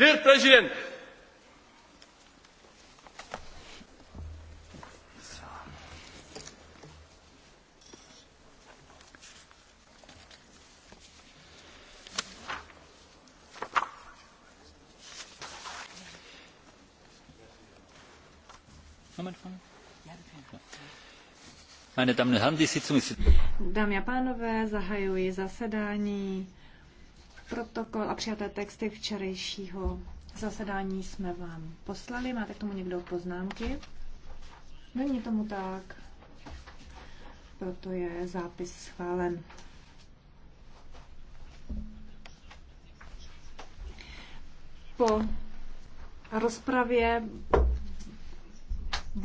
Dear President, Dámy a pánové, zahajuji zasedání. Protokol a přijaté texty včerejšího zasedání jsme vám poslali. Máte k tomu někdo poznámky? Není tomu tak. Proto je zápis schválen. Po rozpravě